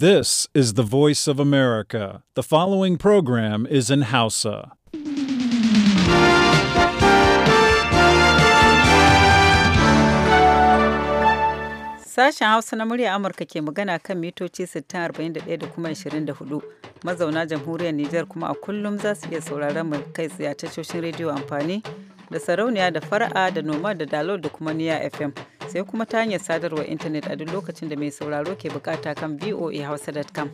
This is the voice of America. The following program is in Hausa. Sashen Hausa na murya Amurka ke magana kan mitoci 641 da kuma 24. Mazauna jamhuriyar Nijar kuma a kullum za su iya sauraron mu kai tsaye ta tashoshin rediyo amfani da sarauniya da fara'a da noma da dalo da kuma niya FM. sai kuma ta hanyar sadarwar intanet a duk lokacin da mai sauraro ke bukata kan voahausa.com.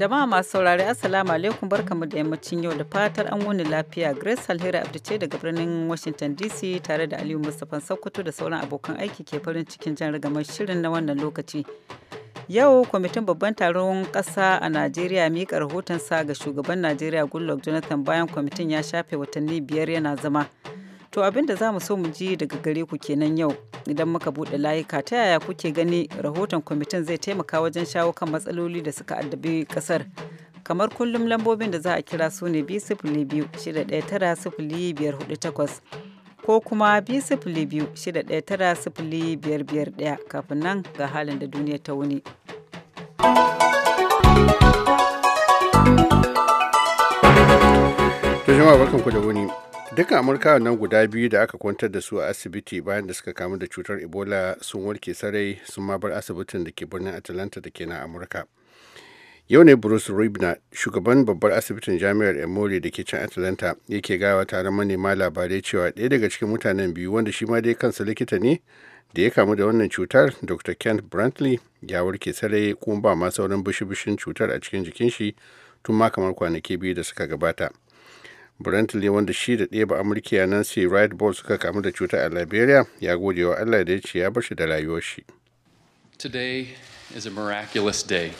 jama'a masu saurari assalamu alaikum barkamu da yammacin yau da fatar an wuni lafiya grace alheri abdu daga birnin washington dc tare da aliyu mustapha sokoto da sauran abokan aiki ke farin cikin jan rigamar shirin na wannan lokaci Yau kwamitin babban taron ƙasa a Najeriya miƙa rahotonsa ga shugaban Najeriya Goodluck Jonathan bayan kwamitin ya shafe watanni biyar yana zama. To abin da za mu so mu ji daga gare ku kenan yau idan muka buɗe layuka ta yaya kuke gani rahoton kwamitin zai taimaka wajen shawo kan matsaloli da suka addabi ƙasar. Kamar kullum lambobin da za a kira su ne biyu sifili biyu shida ɗaya tara sifili biyar hudu takwas. ko kuma biyu biyar ɗaya kafin nan ga halin da duniya ta wuni. To barkan ku da wuni. duka Amurkawa nan guda biyu da aka kwantar da su a asibiti bayan da suka kamu da cutar Ebola sun warke sarai sun ma bar asibitin da ke birnin Atlanta da ke na Amurka. yau ne bruce ribner shugaban babbar asibitin jami'ar emory da ke can atlanta yake gawa taron manema labarai cewa ɗaya daga cikin mutanen biyu wanda shi ma dai kansa likita ne da ya kamu da wannan cutar dr kent brantley ya warke sarai kuma ba ma sauran bushi bushin cutar a cikin jikin shi tun ma kamar kwanaki biyu da suka gabata brantley wanda shi da ɗaya ba amurkiya nancy right ball suka kamu da cutar a liberia ya gode wa allah da ya ce ya bar shi da rayuwar shi today is a miraculous day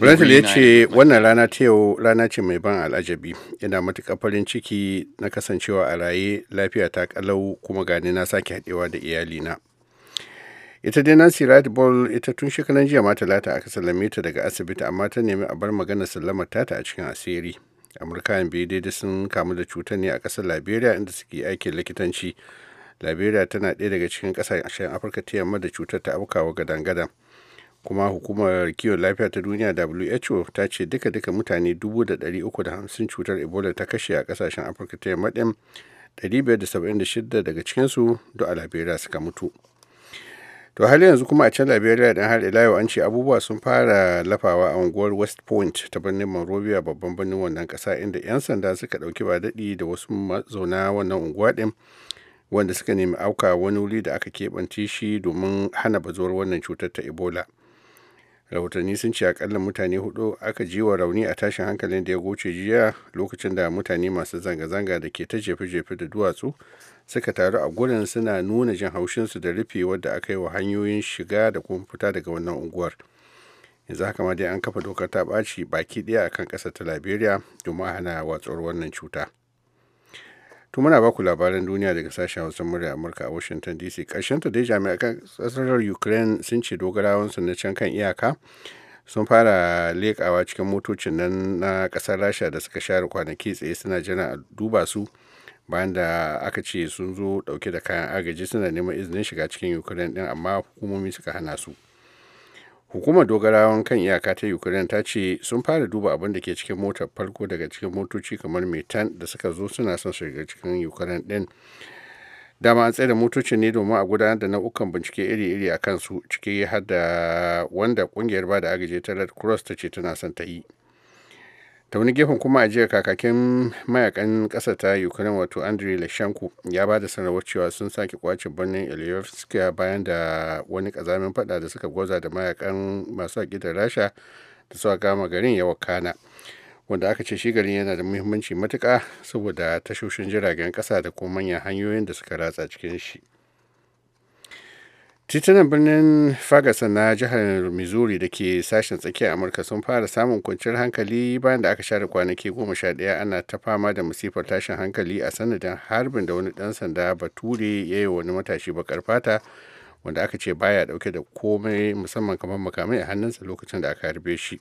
Brazil ya ce wannan rana ta yau rana ce mai ban al'ajabi ina matuƙar farin ciki na kasancewa a raye lafiya ta kalau kuma gani na sake haɗewa da iyalina. ita dai nancy ball ita tun shekaran jiya ma talata aka sallame ta daga asibiti amma ta nemi a bar magana sallamar tata a cikin asiri amurkayan biyu daidai sun kamu da cutar ne a ƙasar liberia inda suke aikin likitanci liberia tana ɗaya daga cikin ƙasashen afirka ta yamma da cutar ta aukawa gadan-gadan kuma hukumar kiwon lafiya ta duniya who ta ce duka-duka mutane 350 cutar ebola ta kashe a ƙasashen afirka ta yamma ɗin 576 daga cikinsu da a liberia suka mutu to har yanzu kuma a can liberia dan har ila yau an ce abubuwa sun fara lafawa a unguwar west point ta birnin monrovia babban birnin wannan kasa inda 'yan sanda suka dauki ba daɗi da wasu mazauna wannan unguwa ɗin wanda suka nemi auka wani wuri da aka keɓance shi domin hana bazuwar wannan cutar ta ebola rahotanni sun ce akalla mutane hudu aka jiwa rauni a tashin hankalin da ya goce jiya lokacin da mutane masu zanga-zanga da ke ta jefe-jefe da duwatsu suka taru a gurin suna nuna jin haushinsu da rufe wadda aka yi wa hanyoyin shiga da kuma fita daga wannan unguwar yanzu haka ma dai an kafa dokar ta ɓaci baki ɗaya akan ƙasar ta liberia domin hana watsuwar wannan cuta To muna baku labaran duniya daga sashen Hausa murya Amurka a Washington DC. ta dai jami'an ƙasar Ukraine sun ce dogarawansu na can kan iyaka sun fara leƙawa cikin motocin nan na ƙasar Rasha da suka share kwanaki tsaye suna jana a duba su bayan da aka ce sun zo ɗauke da kayan agaji suna neman izinin shiga cikin Ukraine ɗin amma hukumomi suka hana su. hukumar dogarawan kan iyaka ta ukraine ta ce sun fara duba abin da ke cikin motar farko daga cikin motoci kamar mai tan da suka zo suna son shiga cikin ukraine din dama an tsaye da motocin ne domin a gudanar da nau'ukan bincike iri-iri a kansu ciki har da wanda kungiyar ba da agaje ta red cross ta ce tana son ta yi ta wani gefen kuma a jiya kakakin mayakan ƙasa ta ukraine wato andriy lashanku ya ba da sanarwar cewa sun sake kwace birnin ilyovsk bayan da wani ƙazamin fada da suka goza da mayakan masu aƙidar rasha da suka gama garin ya wakana wanda aka ce shi garin yana da muhimmanci matuƙa saboda tashoshin jiragen ƙasa da kuma manyan hanyoyin da suka ratsa cikin shi titunan birnin ferguson na jihar missouri da ke sashen tsakiyar amurka sun fara samun kwanciyar hankali bayan da aka share kwanaki goma sha ɗaya ana ta fama da masifar tashin hankali a sanadin harbin da wani dan sanda bature ya yi wani matashi bakar fata wanda aka ce baya dauke da komai musamman kamar makamai a hannunsa lokacin da aka harbe shi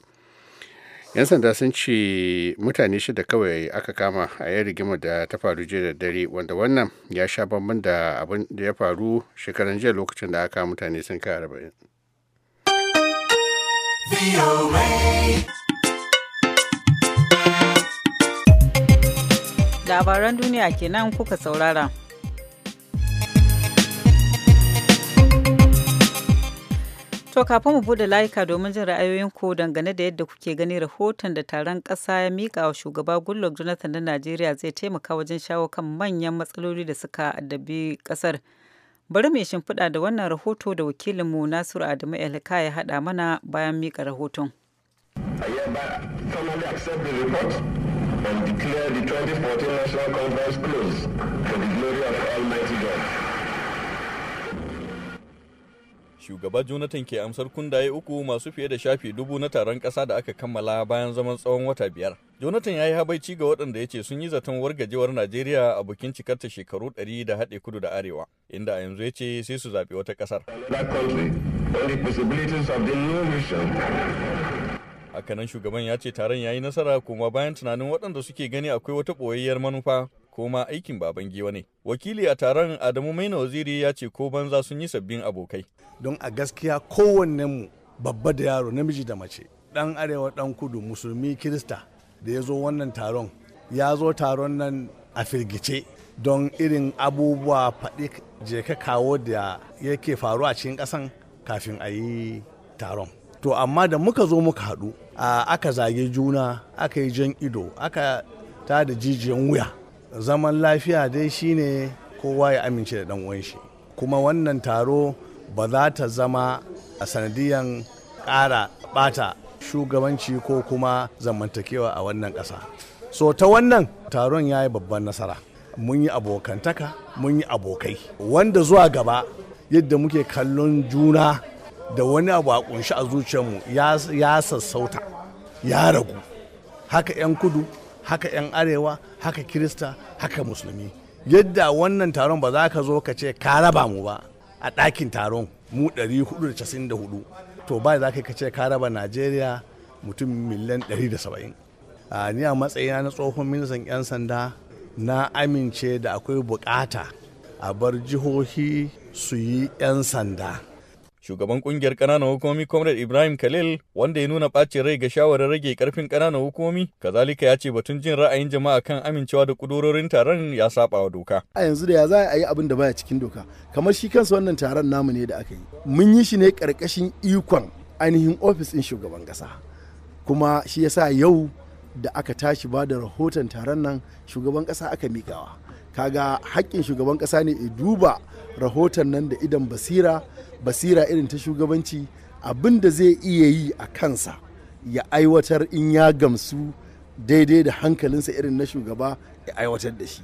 'yan sanda sun ce mutane shida kawai aka kama a yan rigima da ta faru jiya da dare wanda wannan ya sha bamban da abin da ya faru shekaran jiya lokacin da aka mutane sun kai arba'in labaran duniya kenan kuka saurara To kafin mu bude layuka domin jin ra'ayoyin ku dangane da yadda kuke gani rahoton da taron ƙasa ya mika wa shugaba Goodluck Jonathan na Najeriya zai taimaka wajen shawo kan manyan matsaloli da suka addabi ƙasar. Bari mai shimfiɗa da wannan rahoto da wakilinmu Nasiru Adamu Elka ya haɗa mana bayan mika rahoton. and declare the 2014 National Conference closed for the glory of Almighty God. shugaba jonathan ke amsar kundaye uku masu fiye da shafi dubu na taron kasa da aka kammala bayan zaman tsawon wata biyar jonathan ya yi habaici ga waɗanda ya ce sun yi zaton wargajewar najeriya a bikin cikarta shekaru ɗari da haɗe kudu da arewa inda a yanzu ya ce sai su zaɓi wata ƙasar hakanan shugaban ya ce taron ya yi nasara kuma bayan tunanin waɗanda suke gani akwai wata ɓoyayyar manufa ko ma aikin baban giwa ne wakili a taron adamu maina waziri ya ce ko banza sun yi sabbin abokai don a gaskiya kowanne mu babba da yaro namiji da mace dan arewa dan kudu musulmi kirista da ya zo wannan taron ya zo taron nan a firgice don irin abubuwa faɗi je ka kawo da yake faru a cikin ƙasan kafin a yi taron to amma da muka zo muka haɗu aka zage juna aka yi jan ido aka ta da jijiyan wuya zaman lafiya dai shine kowa ya amince da dan uwan shi kuma wannan taro ba za ta zama a sanadiyan ƙara bata shugabanci ko kuma zamantakewa a wannan ƙasa so ta wannan taron ya yi babban nasara mun yi abokantaka mun yi abokai wanda zuwa gaba yadda muke kallon juna da wani abu a kunshi a zuciyarmu ya sassauta ya ragu haka 'yan kudu haka 'yan arewa haka kirista haka musulmi yadda wannan taron ba za ka zo ka ce ka raba mu ba a ɗakin taron mu 494 to ba za ka ce ka raba najeriya mutum miliyan 170 a ni a matsayina na tsohon ministan 'yan sanda na amince da akwai bukata a bar jihohi su yi 'yan sanda shugaban kungiyar ƙananan hukumomi comrade ibrahim khalil wanda ya nuna bacin rai ga shawarar rage karfin kananan hukumomi kazalika ya ce batun jin ra'ayin jama'a kan amincewa da kudurorin taron ya saba wa doka a yanzu da ya za a yi abin da baya cikin doka kamar shi kansa wannan taron namu ne da aka yi mun yi shi ne karkashin ikon ainihin ofis ɗin shugaban kasa kuma shi yasa yau da aka tashi ba da rahoton taron nan shugaban kasa aka mikawa kaga hakkin shugaban kasa ne ya duba rahoton nan da idan basira basira irin ta shugabanci abin da zai iya yi a kansa ya aiwatar in ya gamsu daidai da hankalinsa irin na shugaba ya aiwatar da shi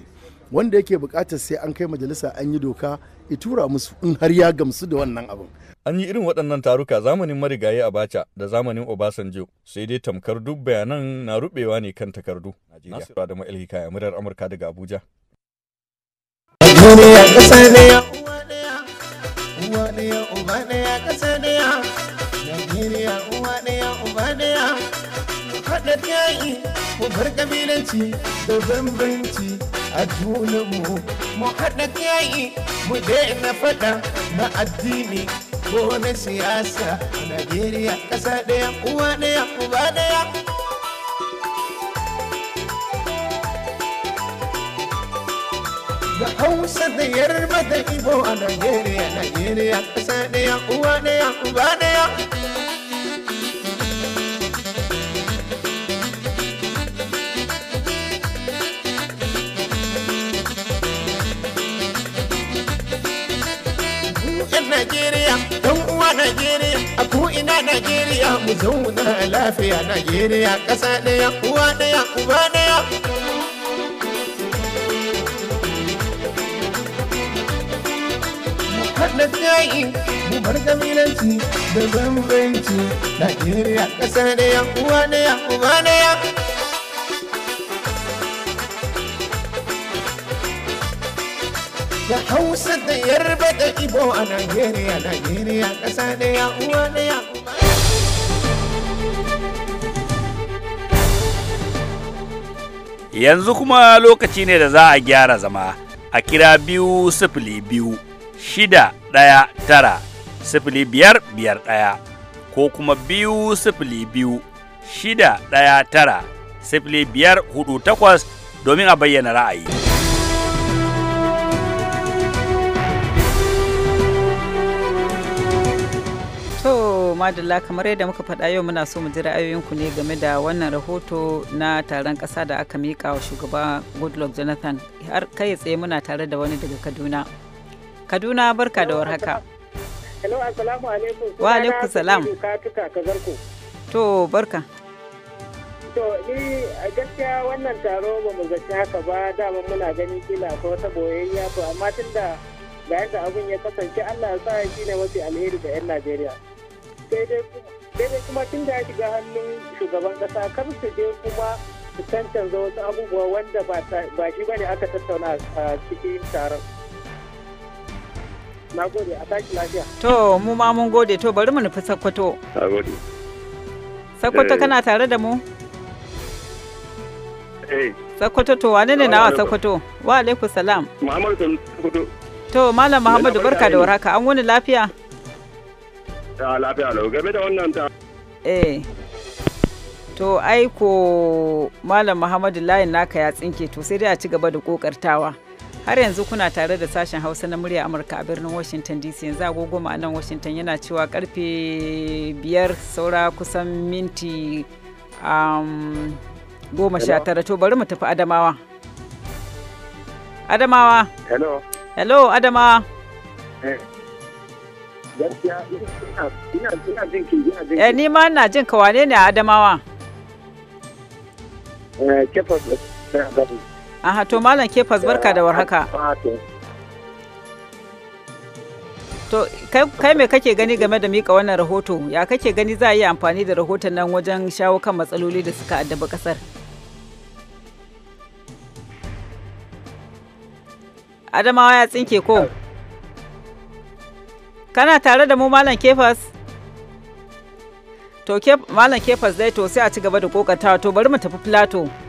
wanda yake bukatar sai an kai majalisa an yi doka ya tura musu in har ya gamsu da wannan abin. An yi irin waɗannan taruka zamanin marigayi bacha da zamanin Obasanjo sai dai tamkar duk bayanan na rubewa ne kan takardu. Nasiru da ma'ilhika ya murar Amurka daga Abuja. Duniya ƙasa ne ɗaya uba ɗaya ƙasa ɗaya Najeriya uwa ɗaya uba ɗaya Faɗa yayi mu bar ƙabilanci da bambanci a junanmu mu haɗa yayi mu daina faɗa na addini ko na siyasa Najeriya ƙasa ɗaya uwa ɗaya uba ɗaya da hausa da yarba da ibo a nigeria nigeria kasa daya uwa daya uba daya Najeriya, uwa Najeriya, a Najeriya, mu zauna lafiya Najeriya, ƙasa ɗaya, uwa ɗaya, uba ɗaya. kada yayi mu bar kabilanci da bambanci Najeriya ƙasa da ya uwa da ya uba da ya Da Hausa da Yarba da Ibo a Najeriya, Najeriya ƙasa da ya uwa da ya Yanzu kuma lokaci ne da za a gyara zama a kira biyu sifili biyu shida ɗaya tara sifili biyar biyar ɗaya ko kuma biyu sifili biyu shida ɗaya tara sifili biyar hudu takwas domin a bayyana ra'ayi. To madalla kamar yadda muka faɗa yau muna so mu ji ra'ayoyinku ne game da wannan rahoto na taron ƙasa da aka miƙa wa shugaba Goodluck Jonathan har kai tsaye muna tare da wani daga Kaduna. Kaduna barka da warhaka. Wa alaikum salam. To, barka. To, ni a gaskiya wannan taro ba mu zaci haka ba dama muna gani kila ko wata boyayya to amma tun da da yadda abin ya kasance Allah ya sa shi ne mafi alheri ga 'yan Najeriya. Sai dai kuma tun da ya shiga hannun shugaban kasa kar su je kuma su cancanza wasu abubuwa wanda ba shi ne aka tattauna a cikin taron. Na gode, a tashi lafiya. To, mu ma mun gode, to bari mu nufi Sokoto. Na gode. Sokoto eh. kana tare da mu? Eh. Sokoto to wane ne nawa Sokoto? Wa alaikum salam. Muhammadu kan Sokoto. To, Malam Muhammadu barka da warhaka, an wani lafiya? Ta ah, lafiya lau, game da wannan ta. Eh. To, aiko Malam Muhammadu layin naka ya tsinke to sai dai a ci gaba da kokartawa. har yanzu kuna tare da sashen hausa na murya amurka a birnin washington dc yanzu agogo nan washington yana cewa karfe biyar saura kusan minti um, goma sha tara to bari mu tafi adamawa adamawa hello hello adamawa eh, eh ni ma ina jin ka wane ne a adamawa eh kefa Aha, to Malam Kefas barka da warhaka. To kai me kake gani game da mika wannan rahoto? Ya kake gani za a yi amfani da rahoton nan wajen shawo kan matsaloli da suka addaba kasar? Adamawa ya tsinke ko? Kana tare da mu Malam Kefas? To Malam Kefas dai to sai a ci gaba da kokatawa to bari mu tafi Plateau.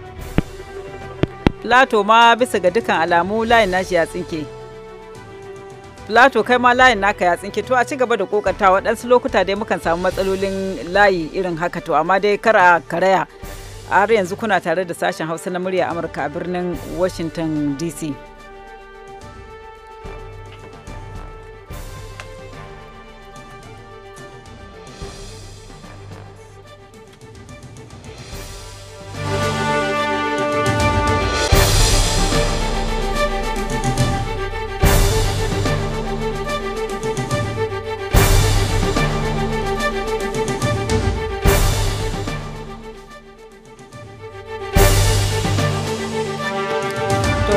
Plato ma bisa ga dukan alamu layin nashi ya tsinke. Plato kai ma layin naka ya tsinke to a ci gaba da kokanta waɗansu lokuta dai mukan samu matsalolin layi irin haka to amma dai kar a karaya. Har yanzu kuna tare da sashen Hausa na murya Amurka a birnin Washington DC.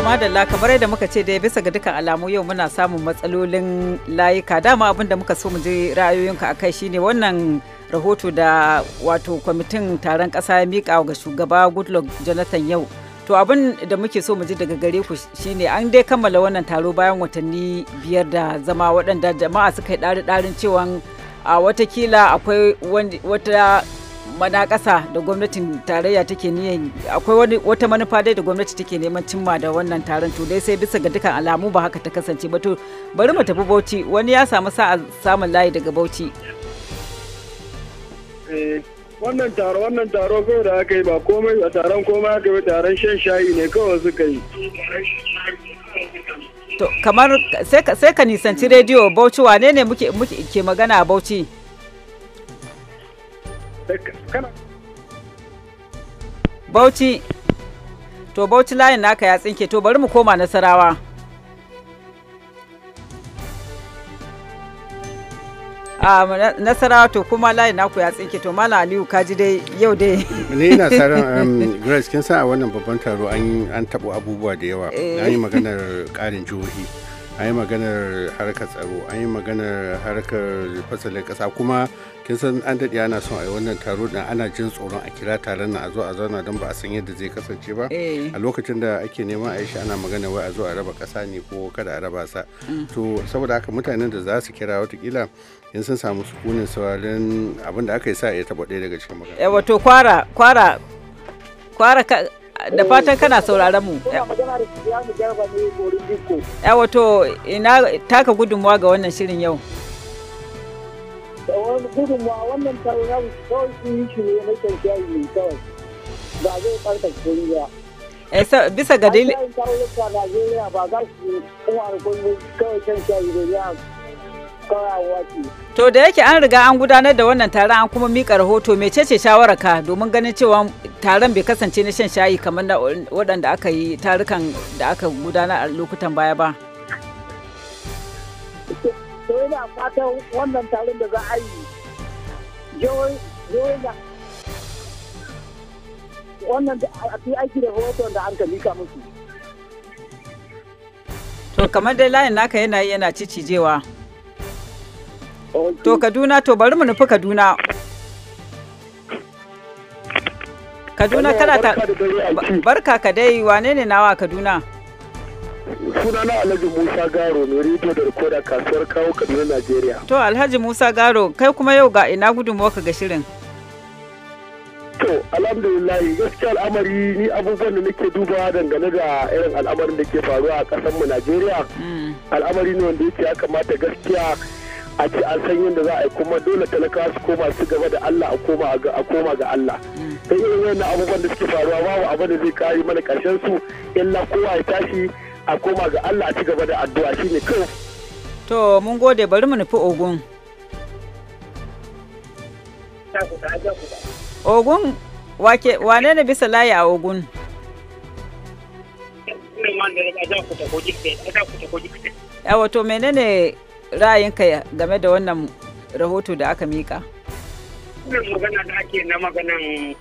madalla kamar yadda muka ce dai bisa ga dukkan alamu yau muna samun matsalolin layuka dama abin da muka so mu ji ra'ayoyinka akai shine wannan rahoto da wato kwamitin taron kasa ya miƙa ga shugaba goodluck jonathan yau to abin da muke so mu ji daga gare ku shine an dai kammala wannan taro bayan watanni biyar da zama waɗanda jama'a suka yi ɗari-ɗarin cewa a watakila akwai wata manakasa da gwamnatin tarayya take niyan akwai wata manufa dai da gwamnati take neman cimma da wannan taron to dai sai bisa ga dukkan alamu ba haka ta kasance ba to bari mu tafi Bauchi wani ya samu sa'a samun layi daga Bauchi eh, wannan taro wannan taro ko da aka yi ba komai ba taron komai aka yi taron shan shayi ne kawai suka yi to kamar sai ka nisanci rediyo Bauchi wane ne muke ke magana a Bauchi Bauchi to Bauchi layin naka ya tsinke to bari mu koma Nasarawa ah, a nasarawa to kuma layin naku ya tsinke to mala aliyu kaji dai yau dai ni ina tsarin um, grace kin san a wannan babban taro an tabo abubuwa da yawa eh. an yi maganar karin jihohi an yi maganar harkar tsaro an yi maganar harkar fasalin kasa kuma kin san an daɗe ana son a yi wannan taro da ana jin tsoron a kira taron na a zo a zauna don ba a san yadda zai kasance ba eh. a lokacin da ake neman a yi shi ana magana wai a zo a raba ƙasa ne ko kada a raba sa mm. to saboda haka mutanen da za su kira watakila in sun samu sukunin sauraron abin da aka yi sa ya taɓa ɗaya daga cikin magana. Eh, wato kwara kwara kwara da fatan kana sauraron mu. Yawa eh, to ina taka gudunmawa ga wannan shirin yau. wani wa wannan taron kawai sun yi shi ne na kyankyayi ne kawai ba zai tsarkake ni ba. Esa eh, bisa ga dalilin. Ai taruka Najeriya ba za su kuma alƙulmi kawai kyankyayi ne ya To da yake an riga an gudanar da wannan taron an kuma mika rahoto mecece shawararka domin ganin cewa taron bai kasance na shan shayi kamar waɗanda aka yi tarukan da aka gudanar a lokutan baya ba. to yana fatan wannan taron da za a yi jihohi da wannan a fi aiki da hoton da an mika musu. To kamar dai layin naka yana yana cicijewa. To Kaduna to bari mu nufi Kaduna. Kaduna kana ta barka ka dai wane ne nawa Kaduna? sunana alhaji musa garo mai rediyo da rikoda kasuwar kawo kaduna najeriya to alhaji musa garo kai kuma yau ga ina gudunmuwarka ga shirin to alhamdulillahi gaskiya al'amari ni abubuwan da nake duba dangane da irin al'amarin da ke faruwa a kasar mu najeriya hmm. al'amari ne wanda yake ya kamata gaskiya a ce an san yadda za a yi kuma dole talakawa su koma su gaba da Allah a koma ga a koma ga Allah hmm. da irin wannan abubuwan da suke faruwa babu abin da zai kari mana karshen su illa kowa ya tashi a koma ga Allah a ci gaba da addu'a shine kawai to mun gode bari mu nufi ogun ogun wane ne bisa layi a ogun Ya to menene ra'ayinka game da wannan rahoto da aka mika Ina magana da ake na maganan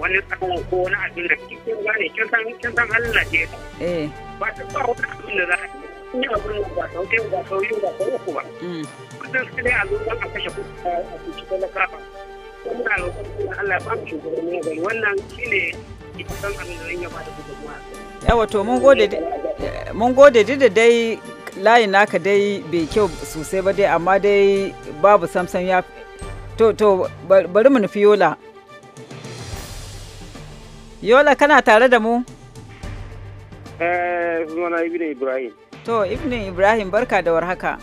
wani tsawo ko wani abin da cikin gane kin san kin san Allah ce eh ba ta ba wani abin da za a yi abin ba ta kai ba ta yi ba sau uku ba mm. kusan su dai a zo don a kashe kuɗi a cikin lakafa ko muna roƙon Allah ba mu shugaban ne gari wannan shine ita san abin da zan yi ba da gudunmuwa yawa to mun gode mun gode da dai layin naka dai bai kyau sosai ba dai amma dai babu samsam ya to to bari mu nufi yola Yola kana tare da mu? Eh, sunana Ibn Ibrahim. To, Ibn Ibrahim barka da warhaka.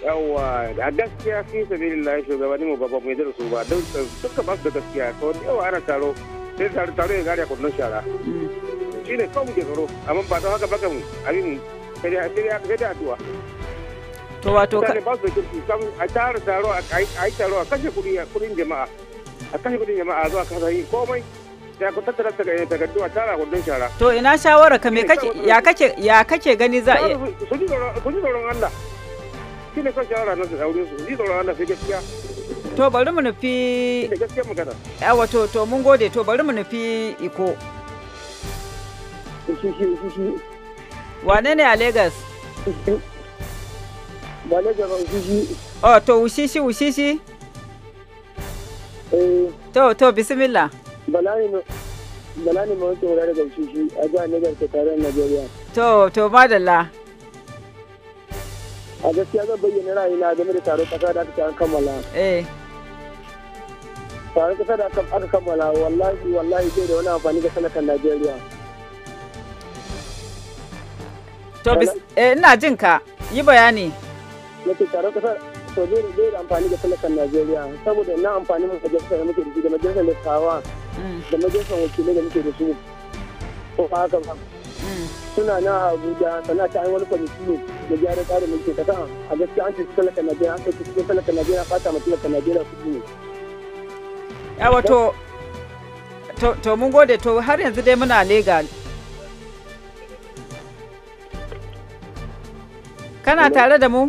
Yawwa, a gaskiya fi sabilillah ni mu babba mai darasu ba, duka ba su da gaskiya, kawai yawa ana taro, sai taro taro ya gari a kudin shara. Mm. Shi ne kawai muke tsaro, amma ba ta haka ba kan abin sai da addu'a. To wato ka. Ba su da kirki, a tara taro a yi taro a kashe kudin jama'a, a kashe kudin jama'a zuwa kasa yi komai. ta ku tattara to ina shawara me kake ya kake gani za a to bari mu nufi da gaskiya to to mun gode to bari mu nufi iko wane ne a Legas. ba oh, to ushishi ushishi eh. to to bismillah Balani ne mawance wura daga shi a jihar Niger ta taron Najeriya. To, to madalla. A gaskiya zan bayyana ra'ayina game da taron kasa da aka kammala. Eh. Taron kasa da aka kammala wallahi wallahi zai da wani amfani ga sanakan Najeriya. To, eh, ina jin ka, yi bayani. Mace taron kasa to zai da amfani ga sanakan Najeriya saboda ina amfani mun da muke da shi da majalisar da da majalisar wakilai da muke da su ko ba haka ba suna na abuja sana ta wani kwamiti ne da gyara tsarin mulki ta kan a gaskiya an ce su talaka najeriya an ce cikin talaka najeriya fata ma talaka najeriya su ne. yawa to to mun gode to har yanzu dai muna lega kana tare da mu?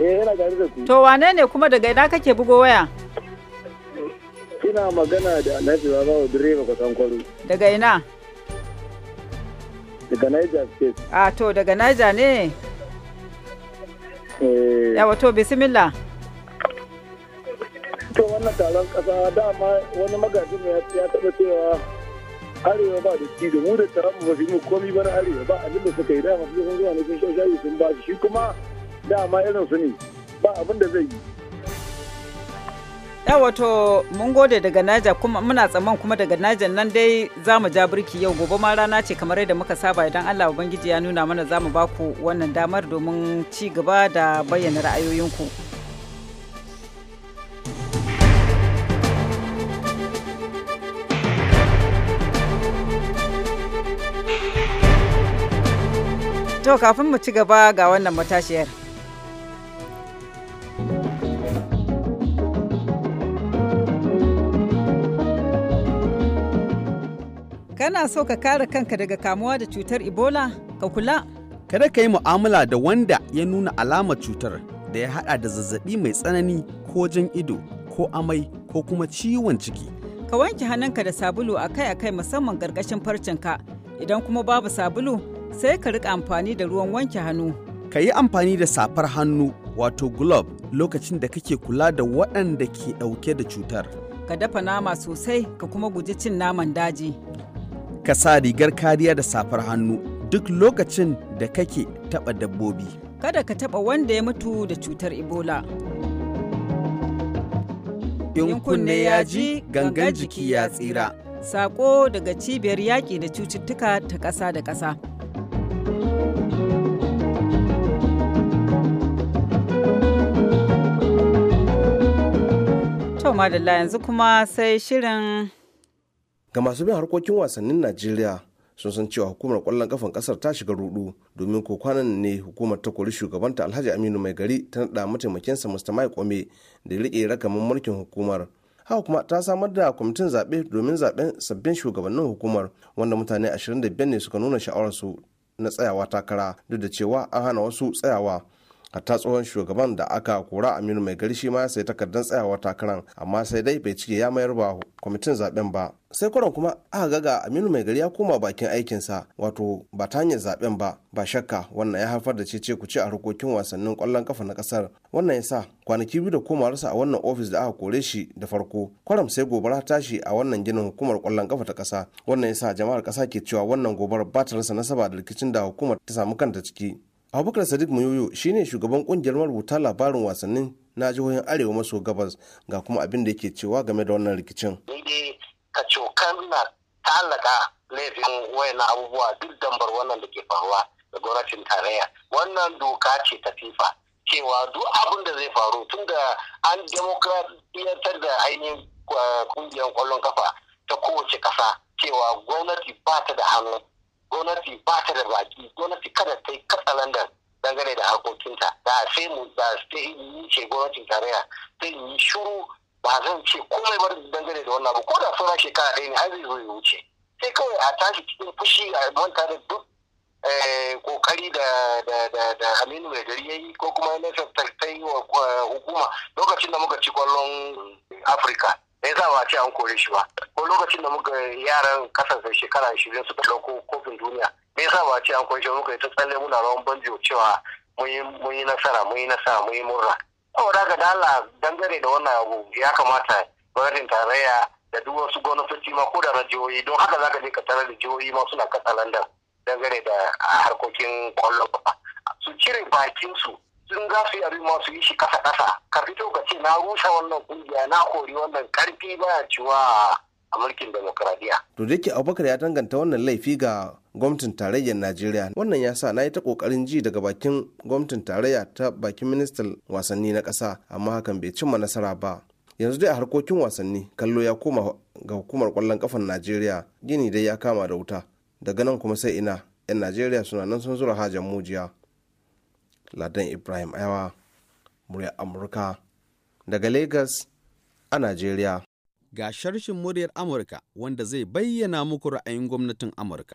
eh yana tare da ku to wane ne kuma daga ina kake bugo waya? Kina magana da Alhaji Babawo direba kwatan kwaro. Daga ina? Daga Niger State. A to daga Niger ne? Eh. Yawa to bismillah. To wannan taron kasa dama wani magajin ya taɓa cewa arewa ba da ci mu da taron ba su mu komi ba na arewa ba abin da suka yi dama su sun zuwa ne sun sun shi kuma dama irin su ne ba abin da zai yi. wato mun gode daga naja kuma muna tsaman kuma daga najan nan dai za mu ja birki yau gobe ma rana ce kamar yadda muka saba idan allah ubangiji ya nuna mana za mu ba ku wannan damar domin ci gaba da bayyana ra'ayoyinku to kafin mu ci gaba ga wannan matashiyar Kana so ka kare kanka daga kamuwa da cutar Ebola? Ka kula. Kada ka yi mu'amala da wanda ya nuna alamar cutar da ya haɗa da zazzabi mai tsanani ko jan ido ko amai ko kuma ciwon ciki. Ka wanke hannunka da sabulu akai-akai musamman gargashin farcinka. Idan kuma babu sabulu, sai ka rika amfani da ruwan wanke hannu. Ka yi amfani da safar hannu wato glove lokacin da kake kula da waɗanda ke ɗauke da cutar. Ka dafa nama sosai ka kuma guji cin naman daji. ka sa rigar kariya da safar hannu duk lokacin da kake taɓa dabbobi. Kada ka taɓa wanda ya mutu da cutar Ebola. In kunne ya ji gangan jiki ya tsira. Sako daga cibiyar yaƙi da cututtuka ta ƙasa da ƙasa. To madalla yanzu kuma sai shirin ga masu bin harkokin wasannin najeriya sun san cewa hukumar kwallon kafan kasar ta shiga rudu domin ko kwanan ne hukumar ta kori shugabanta alhaji aminu mai gari ta naɗa mataimakinsa mr mike kome da riƙe rakamin mulkin hukumar haka kuma ta samar da kwamitin zaɓe domin zaɓen sabbin shugabannin hukumar wanda mutane 25 ne suka nuna sha'awarsu na tsayawa takara duk da cewa an hana wasu tsayawa hatta tsohon shugaban da aka kora aminu mai gari shi ma ya sayi takardar tsayawa takaran amma sai dai bai cike ya mayar ba kwamitin zaben ba sai kwaran kuma aka gaga aminu mai gari ya koma bakin aikinsa wato ba ta hanyar zaben ba ba shakka wannan ya haifar da cece kuce a harkokin wasannin kwallon kafa na kasar wannan ya sa kwanaki biyu da komawarsa a wannan ofis da aka kore shi da farko kwaram sai gobara tashi a wannan ginin hukumar kwallon kafa ta kasa wannan ya sa jama'ar kasa ke cewa wannan gobarar ba ta rasa nasaba da rikicin da hukumar ta samu kanta ciki abubakar sadiq muyoyo shine shugaban kungiyar marubuta labarin wasannin na jihohin arewa maso gabas ga kuma abin da yake cewa game da wannan rikicin kacokan na laifin wayana abubuwa duk wannan da faruwa da gwamnatin tarayya wannan doka ce ta cewa duk abin da zai faru tun da an demokratiyantar da ainihin eh, kungiyar kwallon kafa ta kowace kasa cewa gwamnati ba ta da hannu gwamnati ba ta da baki gwamnati kada ta yi katsalandan dangane da hakokinta da sai mu da sai yi ce gwamnatin tarayya sai yi shuru ba zan ce komai ba dangane da wannan abu ko da sauran shekara ɗaya ne har zai wuce sai kawai a tashi cikin fushi a manta da duk eh, kokari da da Aminu mai gari ya yi ko kuma nasa ta yi wa eh, hukuma lokacin da muka ci kwallon Afirka me yasa ba ce an kore shi ba ko lokacin da muka yaran kasar da shekara shirin suka ɗauko kofin duniya me yasa ba ce an kore shi muka yi ta tsalle muna rawan banjo cewa mun yi nasara mun yi nasara mun yi murna saboda haka da dala dangane da wannan abu ya kamata gwamnatin tarayya da duk wasu gwamnatoci ma ko da na don haka za ka je ka tare da jihohi ma suna kasa landan dangane da harkokin kwallon su cire bakin su sun za su yi abin masu yi shi kasa kasa ka fito ka ce na rusa wannan kungiya na kori wannan karfi baya ciwa a mulkin demokradiya. to da abubakar ya danganta wannan laifi ga gwamnatin tarayyar najeriya wannan ya sa na yi ta kokarin ji daga bakin gwamnatin tarayya ta bakin ministan wasanni na kasa amma hakan bai cimma nasara ba yanzu dai a harkokin wasanni kallo ya koma ga hukumar kwallon kafan najeriya gini dai ya kama da wuta daga nan kuma sai ina 'yan najeriya suna nan sun zura hajjan mujiya Ladan Ibrahim Aiwa, muryar Amurka daga Lagos a Najeriya. Ga sharshin muryar Amurka wanda zai bayyana muku ra'ayin gwamnatin Amurka.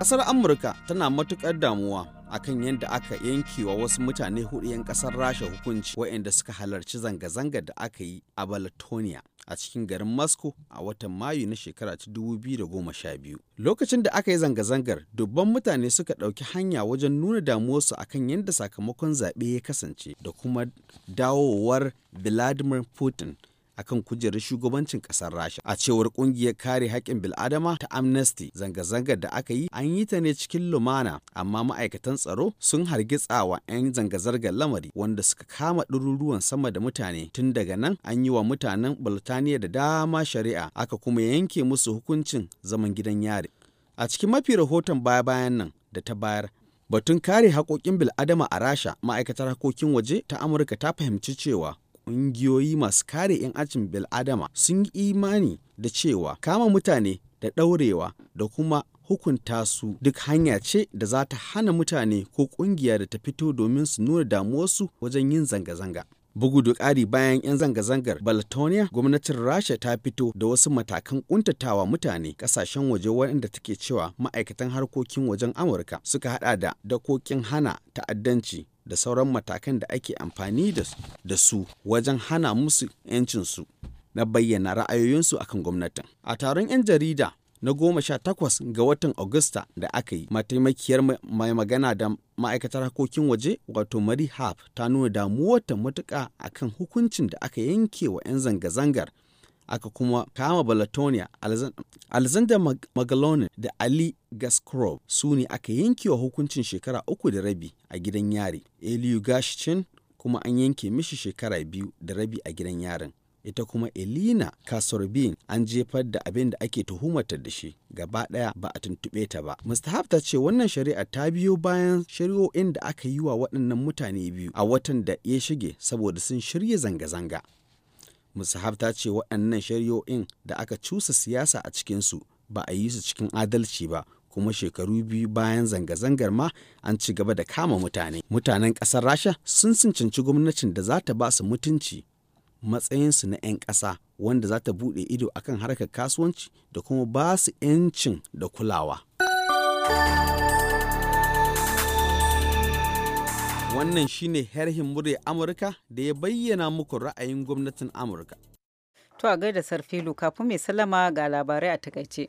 Ƙasar Amurka tana matuƙar damuwa akan yadda aka yankewa wasu mutane hudu 'yan ƙasar Rasha hukunci waɗanda suka halarci zanga-zanga da aka yi a Balatonia a cikin garin Moscow a watan Mayu na shekara ta 2012. Lokacin da aka yi zanga-zangar, dubban mutane suka ɗauki hanya wajen nuna damuwarsu akan yadda sakamakon zaɓe ya kasance da kuma dawowar Vladimir Putin akan kujerar shugabancin kasar rasha a cewar kungiyar kare haƙƙin bil'adama ta amnesty zanga-zangar da aka yi an yi ta ne cikin lumana amma ma'aikatan tsaro sun hargitsa wa 'yan zanga-zangar lamari wanda suka kama ɗaruruwan sama da mutane tun daga nan an yi wa mutanen burtaniya da dama shari'a aka kuma yanke musu hukuncin zaman gidan yari a cikin mafi rahoton baya-bayan nan da ta bayar batun kare haƙoƙin bil'adama a rasha ma'aikatar haƙoƙin waje ta amurka ta fahimci cewa ƙungiyoyi masu kare 'yancin bil'adama sun yi imani da cewa kama mutane da ɗaurewa da kuma hukunta su duk hanya ce da za ta hana mutane ko ƙungiya da ta fito domin su nuna damuwarsu wajen yin zanga-zanga. Bugu da ƙari bayan 'yan zanga-zangar Baltonia, gwamnatin Rasha ta fito da wasu matakan ƙuntatawa mutane ƙasashen waje waɗanda take cewa ma'aikatan harkokin wajen Amurka suka haɗa da dakokin hana ta'addanci da sauran matakan da ake amfani da su wajen hana musu su, na bayyana ra'ayoyinsu kan gwamnatin. A taron 'yan jarida na goma sha takwas ga watan Agusta da aka yi, mataimakiyar mai magana da ma'aikatar harkokin waje wato Mari Harp ta nuna damuwarta matuƙa akan hukuncin da aka yanke wa 'yan zanga-zangar aka kuma kama Balatonia, Alexander Magalone da Ali Gaskrov su ne aka yanke wa hukuncin shekara uku da rabi a gidan yari. Eliyu Gashicin kuma an yanke mishi shekara biyu da rabi a gidan yarin. Ita kuma Elina Kasorbin an jefar da abin da ake tuhumarta da shi gaba ɗaya ba a tuntuɓe ta ba. Mr ta ce wannan shari'a ta biyo bayan shari'o'in da aka yi wa waɗannan mutane biyu a watan da ya shige saboda sun shirya zanga-zanga. musahab ta ce waɗannan shari'o'in da aka cusa siyasa a cikinsu ba a yi su cikin adalci ba kuma shekaru biyu bayan zanga-zangar ma an ci gaba da kama mutane mutanen ƙasar rasha sun cincinci gwamnatin da za ta ba su mutunci matsayinsu na 'yan ƙasa wanda za ta buɗe ido akan harkar kasuwanci da kuma ba su 'yancin da kulawa. Wannan shine herhin murya Amurka da ya bayyana muku ra'ayin gwamnatin Amurka. To a gaida Sarfilu kafin mai salama ga labarai a takaice.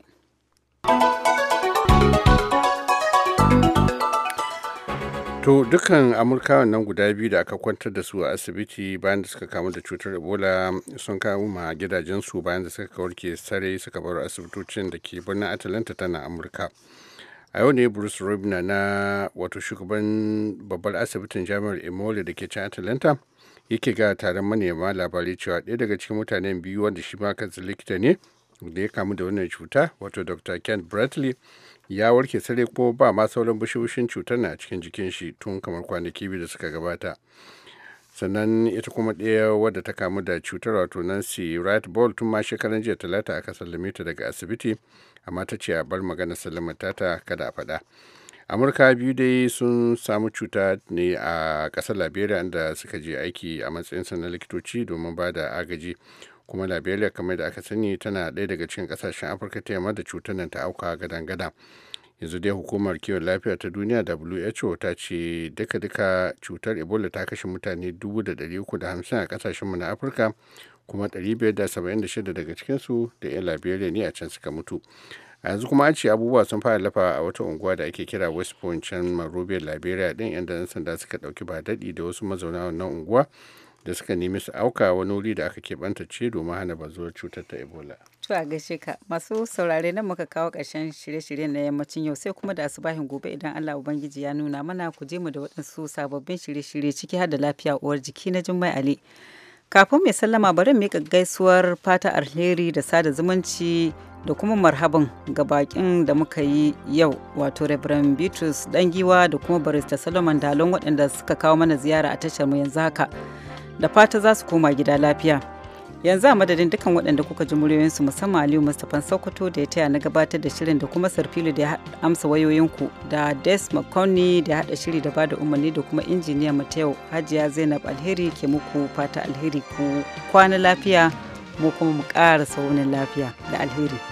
To dukan Amurkawan nan guda biyu da aka kwantar da su a asibiti bayan da suka kamu da cutar Ebola sun kawo ma gidajensu bayan da suka warke sare suka bar asibitocin da ke birnin Atalanta tana Amurka. a yau ne bruce robina na wato shugaban babbar asibitin jami'ar emory da ke can atlanta yake ga taron manema labarai cewa ɗaya daga cikin mutanen biyu wanda shi ma kansa likita ne da ya kamu da wannan cuta wato dr ken bradley ya warke sare ko ba ma sauran bushe-bushen cutar na cikin jikin shi tun kamar kwanaki biyu da suka gabata sannan ita kuma ɗaya wadda ta kamu da cutar wato nancy Wright ball tun ma shekaran jiya talata aka sallame ta daga asibiti amma ta ce a bar magana ta ta kada a faɗa amurka biyu dai sun samu cuta ne a ƙasar liberia inda suka je aiki a matsayinsa na likitoci domin ba da agaji kuma liberia kamar da aka sani tana ɗaya daga cikin ƙasashen afirka ta yamma da cutar nan ta auka gadan-gadan yanzu dai hukumar kiwon lafiya ta duniya who ta ce duka-duka cutar ebola ta kashe mutane 350 a mu na afirka kuma 576 daga cikinsu da 'yan liberia ne a can suka mutu a yanzu kuma an ce abubuwa sun fara lafa a wata unguwa da ake kira west point can marobe liberia din da 'yan sanda suka dauki ba daɗi da wasu mazauna wannan unguwa da suka nemi su auka wani wuri da aka keɓanta ce domin hana bazuwar cutar ta ebola Tuwa a gaishe masu saurare nan muka kawo karshen shirye-shiryen na yammacin yau sai kuma da asubahin gobe idan allah ubangiji ya nuna mana ku je mu da waɗansu sababbin shirye-shirye ciki har da lafiya uwar jiki na jummai ali kafin mai sallama bari mika gaisuwar fata alheri da sada zumunci da kuma marhaban ga bakin da muka yi yau wato reverend bitrus dangiwa da kuma barista solomon dalon waɗanda suka kawo mana ziyara a tashar mu yanzu haka da fata za su koma gida lafiya yanzu a madadin dukkan waɗanda kuka ji muryoyinsu musamman aliyu mustapha sokoto da ya taya na gabatar da shirin da kuma sarfilu da ya amsa wayoyinku da des mcconney da ya haɗa shiri da ba da umarni da kuma injiniya mateo hajiya zainab alheri ke muku fata alheri ku kwana lafiya mu kuma mu ƙara saunin lafiya da alheri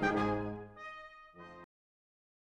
Thank you.